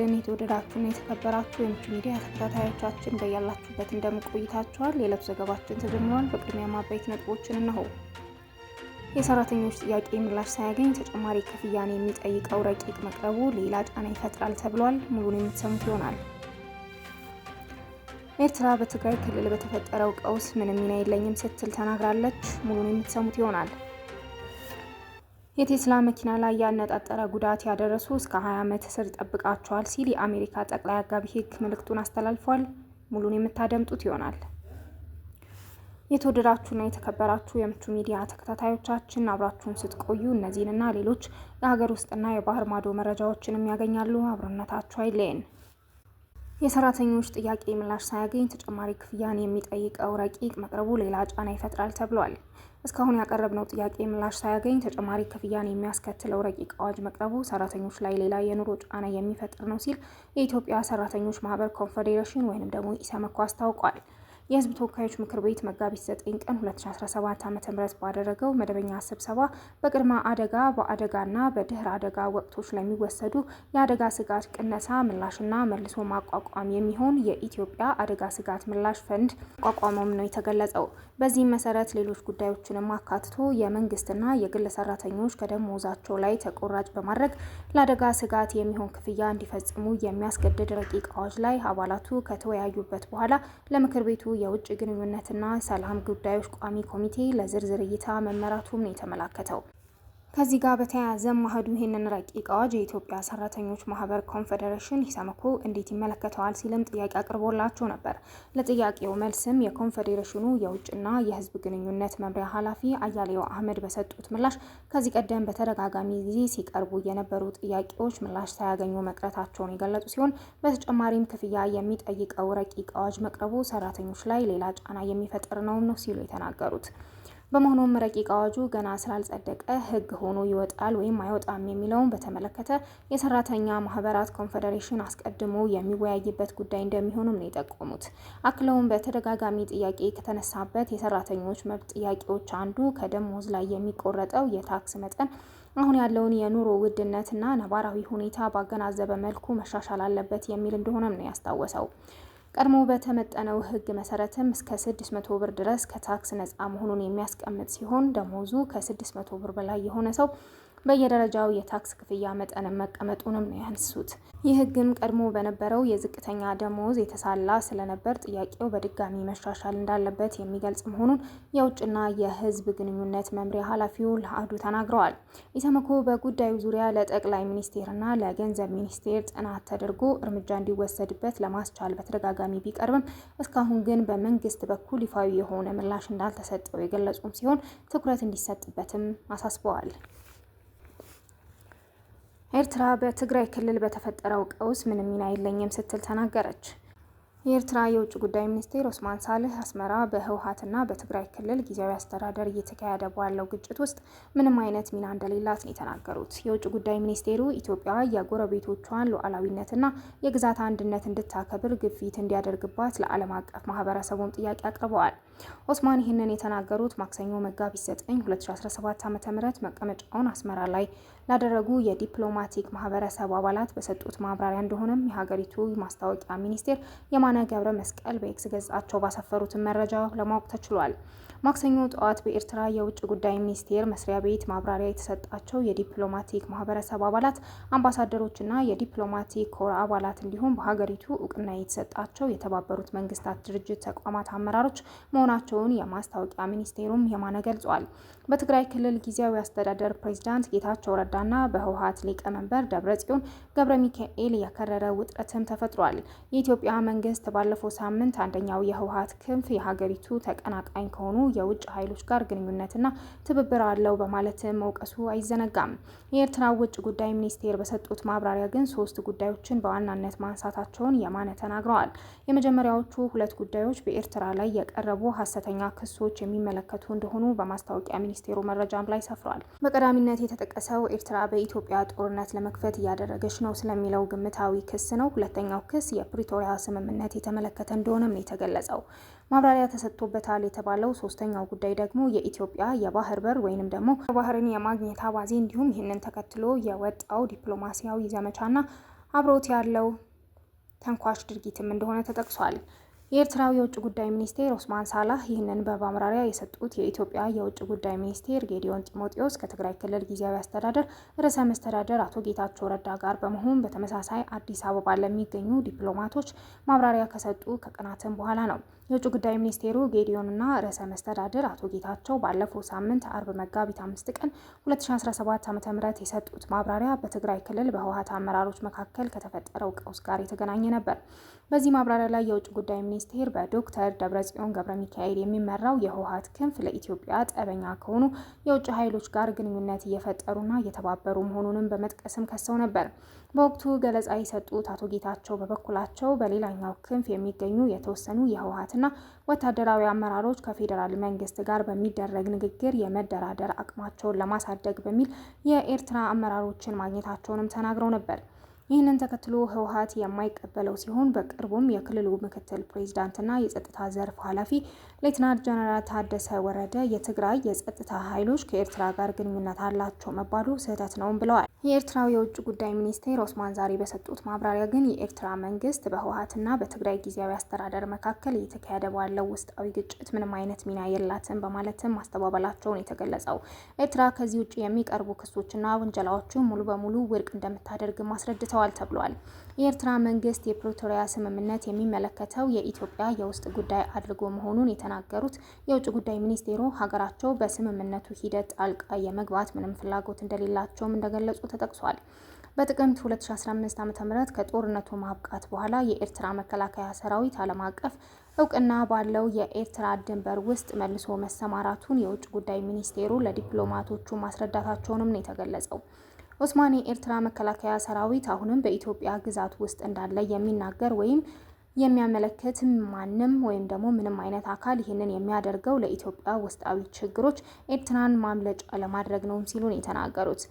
ይስጥልን የተወደዳችሁና የተከበራችሁ የምቹ ሚዲያ ተከታታዮቻችን በያላችሁበት እንደምቆይታችኋል። የለብ ዘገባችን ተጀምሯል። በቅድሚያ ማባይት ነጥቦችን እነሆ። የሰራተኞች ጥያቄ ምላሽ ሳያገኝ ተጨማሪ ክፍያን የሚጠይቀው ረቂቅ መቅረቡ ሌላ ጫና ይፈጥራል ተብሏል። ሙሉን የምትሰሙት ይሆናል። ኤርትራ በትግራይ ክልል በተፈጠረው ቀውስ ምንም ሚና የለኝም ስትል ተናግራለች። ሙሉን የምትሰሙት ይሆናል። የቴስላ መኪና ላይ ያነጣጠረ ጉዳት ያደረሱ እስከ 20 ዓመት እስር ጠብቃቸዋል ሲል የአሜሪካ ጠቅላይ አጋቢ ሕግ መልእክቱን አስተላልፏል። ሙሉን የምታደምጡት ይሆናል። የተወደዳችሁና የተከበራችሁ የምቹ ሚዲያ ተከታታዮቻችን አብራችሁን ስትቆዩ እነዚህንና ሌሎች የሀገር ውስጥና የባህር ማዶ መረጃዎችንም ያገኛሉ። አብሮነታችሁ አይለየን። የሰራተኞች ጥያቄ ምላሽ ሳያገኝ ተጨማሪ ክፍያን የሚጠይቀው ረቂቅ መቅረቡ ሌላ ጫና ይፈጥራል ተብሏል። እስካሁን ያቀረብነው ጥያቄ ምላሽ ሳያገኝ ተጨማሪ ክፍያን የሚያስከትለው ረቂቅ አዋጅ መቅረቡ ሰራተኞች ላይ ሌላ የኑሮ ጫና የሚፈጥር ነው ሲል የኢትዮጵያ ሰራተኞች ማህበር ኮንፌዴሬሽን ወይንም ደግሞ ኢሰመኮ አስታውቋል። የህዝብ ተወካዮች ምክር ቤት መጋቢት 9 ቀን 2017 ዓ ም ባደረገው መደበኛ ስብሰባ በቅድመ አደጋ በአደጋና በድህረ አደጋ ወቅቶች ለሚወሰዱ የአደጋ ስጋት ቅነሳ ምላሽና መልሶ ማቋቋም የሚሆን የኢትዮጵያ አደጋ ስጋት ምላሽ ፈንድ ማቋቋሙም ነው የተገለጸው። በዚህም መሰረት ሌሎች ጉዳዮችንም አካትቶ የመንግስትና የግል ሰራተኞች ከደሞዛቸው ላይ ተቆራጭ በማድረግ ለአደጋ ስጋት የሚሆን ክፍያ እንዲፈጽሙ የሚያስገድድ ረቂቅ አዋጅ ላይ አባላቱ ከተወያዩበት በኋላ ለምክር ቤቱ የውጭ ግንኙነትና ሰላም ጉዳዮች ቋሚ ኮሚቴ ለዝርዝር እይታ መመራቱም ነው የተመላከተው። ከዚህ ጋር በተያያዘ ማህዱ ይህንን ረቂቅ አዋጅ የኢትዮጵያ ሰራተኞች ማህበር ኮንፌዴሬሽን ኢሰመኮ እንዴት ይመለከተዋል ሲልም ጥያቄ አቅርቦላቸው ነበር። ለጥያቄው መልስም የኮንፌዴሬሽኑ የውጭና የህዝብ ግንኙነት መምሪያ ኃላፊ አያሌው አህመድ በሰጡት ምላሽ ከዚህ ቀደም በተደጋጋሚ ጊዜ ሲቀርቡ የነበሩ ጥያቄዎች ምላሽ ሳያገኙ መቅረታቸውን የገለጹ ሲሆን በተጨማሪም ክፍያ የሚጠይቀው ረቂቅ አዋጅ መቅረቡ ሰራተኞች ላይ ሌላ ጫና የሚፈጥር ነውም ነው ሲሉ የተናገሩት። በመሆኑም ረቂቅ አዋጁ ገና ስላልጸደቀ ህግ ሆኖ ይወጣል ወይም አይወጣም የሚለውን በተመለከተ የሰራተኛ ማህበራት ኮንፌዴሬሽን አስቀድሞ የሚወያይበት ጉዳይ እንደሚሆንም ነው የጠቆሙት። አክለውም በተደጋጋሚ ጥያቄ ከተነሳበት የሰራተኞች መብት ጥያቄዎች አንዱ ከደሞዝ ላይ የሚቆረጠው የታክስ መጠን አሁን ያለውን የኑሮ ውድነትና ነባራዊ ሁኔታ ባገናዘበ መልኩ መሻሻል አለበት የሚል እንደሆነም ነው ያስታወሰው። ቀድሞ በተመጠነው ህግ መሰረትም እስከ 600 ብር ድረስ ከታክስ ነፃ መሆኑን የሚያስቀምጥ ሲሆን ደሞዙ ከ600 ብር በላይ የሆነ ሰው በየደረጃው የታክስ ክፍያ መጠን መቀመጡንም ነው ያነሱት። ይህ ህግም ቀድሞ በነበረው የዝቅተኛ ደሞዝ የተሳላ ስለነበር ጥያቄው በድጋሚ መሻሻል እንዳለበት የሚገልጽ መሆኑን የውጭና የህዝብ ግንኙነት መምሪያ ኃላፊው ለአዱ ተናግረዋል። ኢሰመኮ በጉዳዩ ዙሪያ ለጠቅላይ ሚኒስቴርና ለገንዘብ ሚኒስቴር ጥናት ተደርጎ እርምጃ እንዲወሰድበት ለማስቻል በተደጋጋሚ ቢቀርብም እስካሁን ግን በመንግስት በኩል ይፋዊ የሆነ ምላሽ እንዳልተሰጠው የገለጹም ሲሆን ትኩረት እንዲሰጥበትም አሳስበዋል። ኤርትራ በትግራይ ክልል በተፈጠረው ቀውስ ምንም ሚና የለኝም ስትል ተናገረች። የኤርትራ የውጭ ጉዳይ ሚኒስቴር ኦስማን ሳልህ አስመራ በህወሀትና በትግራይ ክልል ጊዜያዊ አስተዳደር እየተካሄደ ባለው ግጭት ውስጥ ምንም አይነት ሚና እንደሌላት ነው የተናገሩት። የውጭ ጉዳይ ሚኒስቴሩ ኢትዮጵያ የጎረቤቶቿን ሉዓላዊነትና የግዛት አንድነት እንድታከብር ግፊት እንዲያደርግባት ለዓለም አቀፍ ማህበረሰቡም ጥያቄ አቅርበዋል። ኦስማን ይህንን የተናገሩት ማክሰኞ መጋቢት 9 2017 ዓ ም መቀመጫውን አስመራ ላይ ላደረጉ የዲፕሎማቲክ ማህበረሰብ አባላት በሰጡት ማብራሪያ እንደሆነም የሀገሪቱ ማስታወቂያ ሚኒስቴር የማነ ገብረ መስቀል በኤክስ ገጻቸው ባሰፈሩትን መረጃ ለማወቅ ተችሏል። ማክሰኞ ጠዋት በኤርትራ የውጭ ጉዳይ ሚኒስቴር መስሪያ ቤት ማብራሪያ የተሰጣቸው የዲፕሎማቲክ ማህበረሰብ አባላት አምባሳደሮችና የዲፕሎማቲክ ኮር አባላት እንዲሁም በሀገሪቱ እውቅና የተሰጣቸው የተባበሩት መንግስታት ድርጅት ተቋማት አመራሮች መሆናቸው መሆናቸውን የማስታወቂያ ሚኒስቴሩም የማነ ገልጿል። በትግራይ ክልል ጊዜያዊ አስተዳደር ፕሬዚዳንት ጌታቸው ረዳና በህወሀት ሊቀመንበር ደብረጽዮን ገብረ ሚካኤል ያከረረ ውጥረትም ተፈጥሯል። የኢትዮጵያ መንግስት ባለፈው ሳምንት አንደኛው የህወሀት ክንፍ የሀገሪቱ ተቀናቃኝ ከሆኑ የውጭ ኃይሎች ጋር ግንኙነትና ትብብር አለው በማለትም መውቀሱ አይዘነጋም። የኤርትራ ውጭ ጉዳይ ሚኒስቴር በሰጡት ማብራሪያ ግን ሶስት ጉዳዮችን በዋናነት ማንሳታቸውን የማነ ተናግረዋል። የመጀመሪያዎቹ ሁለት ጉዳዮች በኤርትራ ላይ የቀረቡ ሀሰተኛ ክሶች የሚመለከቱ እንደሆኑ በማስታወቂያ ሚኒስቴሩ መረጃም ላይ ሰፍሯል። በቀዳሚነት የተጠቀሰው ኤርትራ በኢትዮጵያ ጦርነት ለመክፈት እያደረገች ነው ነው ስለሚለው ግምታዊ ክስ ነው። ሁለተኛው ክስ የፕሪቶሪያ ስምምነት የተመለከተ እንደሆነም ነው የተገለጸው። ማብራሪያ ተሰጥቶበታል የተባለው ሶስተኛው ጉዳይ ደግሞ የኢትዮጵያ የባህር በር ወይንም ደግሞ ባህርን የማግኘት አባዜ እንዲሁም ይህንን ተከትሎ የወጣው ዲፕሎማሲያዊ ዘመቻና አብሮት ያለው ተንኳሽ ድርጊትም እንደሆነ ተጠቅሷል። የኤርትራው የውጭ ጉዳይ ሚኒስቴር ኦስማን ሳላህ ይህንን በማብራሪያ የሰጡት የኢትዮጵያ የውጭ ጉዳይ ሚኒስቴር ጌዲዮን ጢሞቴዎስ ከትግራይ ክልል ጊዜያዊ አስተዳደር ርዕሰ መስተዳደር አቶ ጌታቸው ረዳ ጋር በመሆን በተመሳሳይ አዲስ አበባ ለሚገኙ ዲፕሎማቶች ማብራሪያ ከሰጡ ከቀናትም በኋላ ነው። የውጭ ጉዳይ ሚኒስቴሩ ጌዲዮንና ርዕሰ መስተዳድር አቶ ጌታቸው ባለፈው ሳምንት አርብ መጋቢት አምስት ቀን 2017 ዓ ም የሰጡት ማብራሪያ በትግራይ ክልል በህወሀት አመራሮች መካከል ከተፈጠረው ቀውስ ጋር የተገናኘ ነበር። በዚህ ማብራሪያ ላይ የውጭ ጉዳይ ሚኒስቴር በዶክተር ደብረጽዮን ገብረ ሚካኤል የሚመራው የህወሀት ክንፍ ለኢትዮጵያ ጠበኛ ከሆኑ የውጭ ኃይሎች ጋር ግንኙነት እየፈጠሩና እየተባበሩ መሆኑንም በመጥቀስም ከሰው ነበር። በወቅቱ ገለጻ የሰጡት አቶ ጌታቸው በበኩላቸው በሌላኛው ክንፍ የሚገኙ የተወሰኑ የህወሀትና ወታደራዊ አመራሮች ከፌዴራል መንግስት ጋር በሚደረግ ንግግር የመደራደር አቅማቸውን ለማሳደግ በሚል የኤርትራ አመራሮችን ማግኘታቸውንም ተናግረው ነበር። ይህንን ተከትሎ ህወሀት የማይቀበለው ሲሆን በቅርቡም የክልሉ ምክትል ፕሬዚዳንትና የጸጥታ ዘርፍ ኃላፊ ሌትናንት ጀነራል ታደሰ ወረደ የትግራይ የጸጥታ ኃይሎች ከኤርትራ ጋር ግንኙነት አላቸው መባሉ ስህተት ነውም ብለዋል። የኤርትራው የውጭ ጉዳይ ሚኒስቴር ኦስማን ዛሬ በሰጡት ማብራሪያ ግን የኤርትራ መንግስት በህወሀትና በትግራይ ጊዜያዊ አስተዳደር መካከል እየተካሄደ ባለው ውስጣዊ ግጭት ምንም አይነት ሚና የላትም በማለትም ማስተባበላቸውን የተገለጸው ኤርትራ ከዚህ ውጭ የሚቀርቡ ክሶችና ውንጀላዎችን ሙሉ በሙሉ ውድቅ እንደምታደርግም አስረድተዋል ተብሏል። የኤርትራ መንግስት የፕሪቶሪያ ስምምነት የሚመለከተው የኢትዮጵያ የውስጥ ጉዳይ አድርጎ መሆኑን የተናገሩት የውጭ ጉዳይ ሚኒስቴሩ ሀገራቸው በስምምነቱ ሂደት ጣልቃ የመግባት ምንም ፍላጎት እንደሌላቸውም እንደገለጹ ተጠቅሷል። በጥቅምት 2015 ም ከጦርነቱ ማብቃት በኋላ የኤርትራ መከላከያ ሰራዊት ዓለም አቀፍ እውቅና ባለው የኤርትራ ድንበር ውስጥ መልሶ መሰማራቱን የውጭ ጉዳይ ሚኒስቴሩ ለዲፕሎማቶቹ ማስረዳታቸውንም ነው የተገለጸው። ኦስማን የኤርትራ መከላከያ ሰራዊት አሁንም በኢትዮጵያ ግዛት ውስጥ እንዳለ የሚናገር ወይም የሚያመለክት ማንም ወይም ደግሞ ምንም አይነት አካል ይህንን የሚያደርገው ለኢትዮጵያ ውስጣዊ ችግሮች ኤርትራን ማምለጫ ለማድረግ ነው ሲሉ ነው የተናገሩት።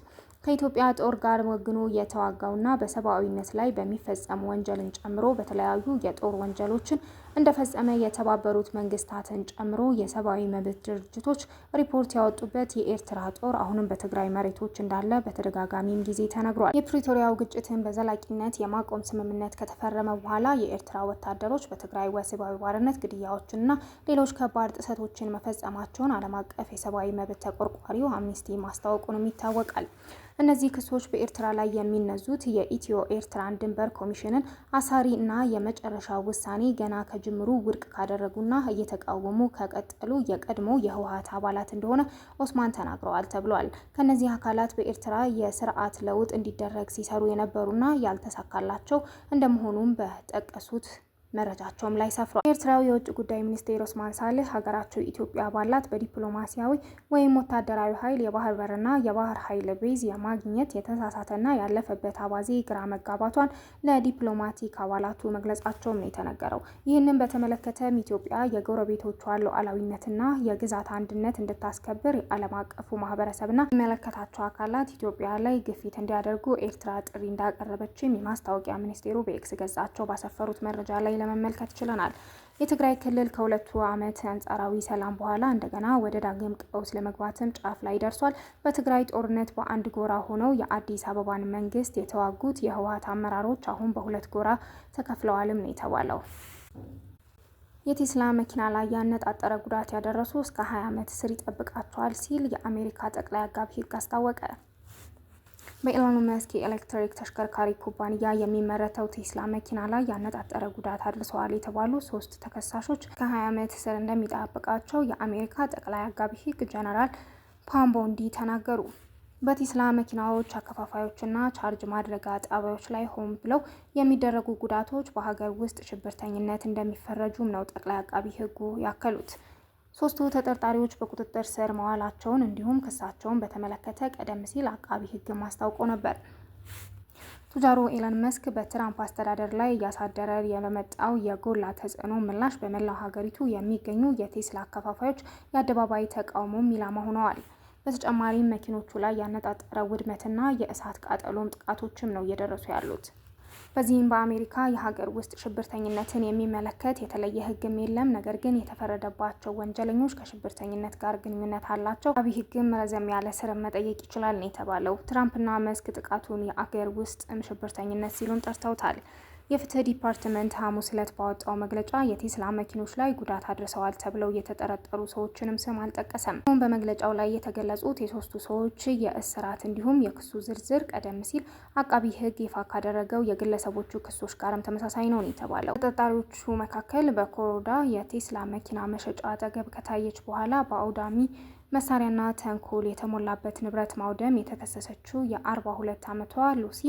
ከኢትዮጵያ ጦር ጋር ወግኖ የተዋጋውና በሰብአዊነት ላይ በሚፈጸሙ ወንጀልን ጨምሮ በተለያዩ የጦር ወንጀሎችን እንደፈጸመ የተባበሩት መንግስታትን ጨምሮ የሰብአዊ መብት ድርጅቶች ሪፖርት ያወጡበት የኤርትራ ጦር አሁንም በትግራይ መሬቶች እንዳለ በተደጋጋሚም ጊዜ ተነግሯል። የፕሪቶሪያው ግጭትን በዘላቂነት የማቆም ስምምነት ከተፈረመ በኋላ የኤርትራ ወታደሮች በትግራይ ወሲባዊ ባርነት፣ ግድያዎችንና ሌሎች ከባድ ጥሰቶችን መፈጸማቸውን ዓለም አቀፍ የሰብአዊ መብት ተቆርቋሪው አምኒስቲ ማስታወቁንም ይታወቃል። እነዚህ ክሶች በኤርትራ ላይ የሚነዙት የኢትዮ ኤርትራን ድንበር ኮሚሽንን አሳሪ እና የመጨረሻ ውሳኔ ገና ከጅምሩ ውድቅ ካደረጉና እየተቃወሙ ከቀጠሉ የቀድሞ የህወሀት አባላት እንደሆነ ኦስማን ተናግረዋል ተብሏል። ከእነዚህ አካላት በኤርትራ የስርዓት ለውጥ እንዲደረግ ሲሰሩ የነበሩና ያልተሳካላቸው እንደመሆኑም በጠቀሱት መረጃቸውም ላይ ሰፍሯል። ኤርትራዊ የውጭ ጉዳይ ሚኒስቴር ኦስማን ሳልህ ሀገራቸው ኢትዮጵያ ባላት በዲፕሎማሲያዊ ወይም ወታደራዊ ኃይል የባህር በርና የባህር ኃይል ቤዝ የማግኘት የተሳሳተና ያለፈበት አባዜ ግራ መጋባቷን ለዲፕሎማቲክ አባላቱ መግለጻቸውም ነው የተነገረው። ይህንን በተመለከተም ኢትዮጵያ የጎረቤቶቿን ሉዓላዊነትና የግዛት አንድነት እንድታስከብር የዓለም አቀፉ ማህበረሰብና የሚመለከታቸው አካላት ኢትዮጵያ ላይ ግፊት እንዲያደርጉ ኤርትራ ጥሪ እንዳቀረበችም የማስታወቂያ ሚኒስቴሩ በኤክስ ገጻቸው ባሰፈሩት መረጃ ላይ ለመመልከት ችለናል። የትግራይ ክልል ከሁለቱ ዓመት አንጻራዊ ሰላም በኋላ እንደገና ወደ ዳግም ቀውስ ለመግባትም ጫፍ ላይ ደርሷል። በትግራይ ጦርነት በአንድ ጎራ ሆነው የአዲስ አበባን መንግስት የተዋጉት የህወሀት አመራሮች አሁን በሁለት ጎራ ተከፍለዋልም ነው የተባለው። የቴስላ መኪና ላይ ያነጣጠረ ጉዳት ያደረሱ እስከ 20 ዓመት እስር ይጠብቃቸዋል ሲል የአሜሪካ ጠቅላይ አቃቤ ህግ አስታወቀ። በኢሎን መስክ የኤሌክትሪክ ተሽከርካሪ ኩባንያ የሚመረተው ቴስላ መኪና ላይ ያነጣጠረ ጉዳት አድርሰዋል የተባሉ ሶስት ተከሳሾች ከ20 ዓመት እስር እንደሚጠብቃቸው የአሜሪካ ጠቅላይ አጋቢ ሕግ ጀነራል ፓምቦንዲ ተናገሩ። በቴስላ መኪናዎች አከፋፋዮችና ቻርጅ ማድረጋ ጣቢያዎች ላይ ሆን ብለው የሚደረጉ ጉዳቶች በሀገር ውስጥ ሽብርተኝነት እንደሚፈረጁም ነው ጠቅላይ አቃቢ ህጉ ያከሉት። ሶስቱ ተጠርጣሪዎች በቁጥጥር ስር መዋላቸውን እንዲሁም ክሳቸውን በተመለከተ ቀደም ሲል አቃቢ ህግ ማስታውቆ ነበር። ቱጃሩ ኤለን መስክ በትራምፕ አስተዳደር ላይ እያሳደረ የመጣው የጎላ ተጽዕኖ ምላሽ በመላው ሀገሪቱ የሚገኙ የቴስላ አከፋፋዮች የአደባባይ ተቃውሞም ኢላማ ሆነዋል። በተጨማሪም መኪኖቹ ላይ ያነጣጠረ ውድመትና የእሳት ቃጠሎም ጥቃቶችም ነው እየደረሱ ያሉት። በዚህም በአሜሪካ የሀገር ውስጥ ሽብርተኝነትን የሚመለከት የተለየ ህግም የለም። ነገር ግን የተፈረደባቸው ወንጀለኞች ከሽብርተኝነት ጋር ግንኙነት አላቸው አብይ ህግም ረዘም ያለ ስርም መጠየቅ ይችላል ነው የተባለው። ትራምፕና መስክ ጥቃቱን የአገር ውስጥ ሽብርተኝነት ሲሉም ጠርተውታል። የፍትህ ዲፓርትመንት ሐሙስ ዕለት ባወጣው መግለጫ የቴስላ መኪኖች ላይ ጉዳት አድርሰዋል ተብለው የተጠረጠሩ ሰዎችንም ስም አልጠቀሰም። ሁን በመግለጫው ላይ የተገለጹት የሶስቱ ሰዎች የእስራት እንዲሁም የክሱ ዝርዝር ቀደም ሲል አቃቢ ህግ ይፋ ካደረገው የግለሰቦቹ ክሶች ጋርም ተመሳሳይ ነው የተባለው። ተጠርጣሪዎቹ መካከል በኮሮዳ የቴስላ መኪና መሸጫ አጠገብ ከታየች በኋላ በአውዳሚ መሳሪያና ተንኮል የተሞላበት ንብረት ማውደም የተከሰሰችው የ42 ዓመቷ ሉሲ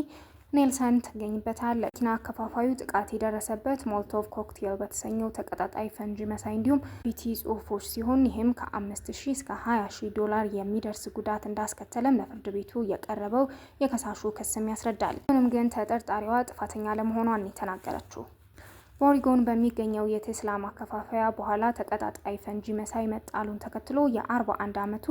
ኔልሰን ትገኝበታለች። መኪና አከፋፋዩ ጥቃት የደረሰበት ሞልቶቭ ኮክቴል በተሰኘው ተቀጣጣይ ፈንጂ መሳይ እንዲሁም ቢቲ ጽሁፎች ሲሆን ይህም ከ 5000 እስከ 20000 ዶላር የሚደርስ ጉዳት እንዳስከተለም ለፍርድ ቤቱ የቀረበው የከሳሹ ክስም ያስረዳል። ምንም ግን ተጠርጣሪዋ ጥፋተኛ ለመሆኗን የተናገረችው በኦሪጎን በሚገኘው የቴስላ ማከፋፈያ በኋላ ተቀጣጣይ ፈንጂ መሳይ መጣሉን ተከትሎ የ41 ዓመቱ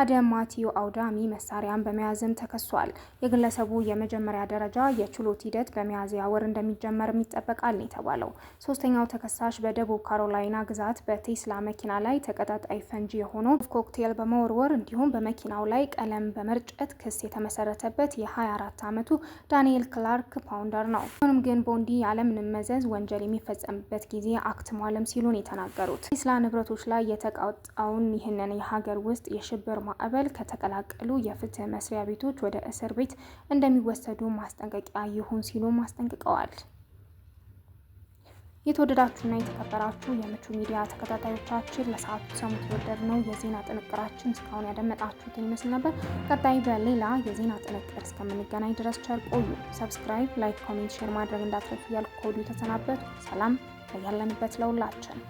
አደም ማቲዮ አውዳሚ መሳሪያን በመያዝም ተከሷል። የግለሰቡ የመጀመሪያ ደረጃ የችሎት ሂደት በሚያዝያ ወር እንደሚጀመርም ይጠበቃል ነው የተባለው። ሶስተኛው ተከሳሽ በደቡብ ካሮላይና ግዛት በቴስላ መኪና ላይ ተቀጣጣይ ፈንጂ የሆነው ኮክቴል በመወርወር እንዲሁም በመኪናው ላይ ቀለም በመርጨት ክስ የተመሰረተበት የ24 ዓመቱ ዳንኤል ክላርክ ፓውንደር ነው። ሆኖም ግን ቦንዲ ያለምንም መዘዝ ወንጀል የሚፈጸምበት ጊዜ አክትሟልም ሲሉን የተናገሩት ስላ ንብረቶች ላይ የተቃጣውን ይህንን የሀገር ውስጥ የሽብር ማዕበል ከተቀላቀሉ የፍትህ መስሪያ ቤቶች ወደ እስር ቤት እንደሚወሰዱ ማስጠንቀቂያ ይሁን ሲሉም አስጠንቅቀዋል። የተወደዳችሁና የተከበራችሁ የምቹ ሚዲያ ተከታታዮቻችን ለሰዓቱ ሰሙት የወደድ ነው የዜና ጥንቅራችን እስካሁን ያደመጣችሁትን ይመስል ነበር። ቀጣይ በሌላ የዜና ጥንቅር እስከምንገናኝ ድረስ ቸር ቆዩ። ሰብስክራይብ፣ ላይክ፣ ኮሜንት፣ ሼር ማድረግ እንዳትረፍ እያልኩ ከወዲሁ ተሰናበቱ። ሰላም በያለንበት ለሁላችን።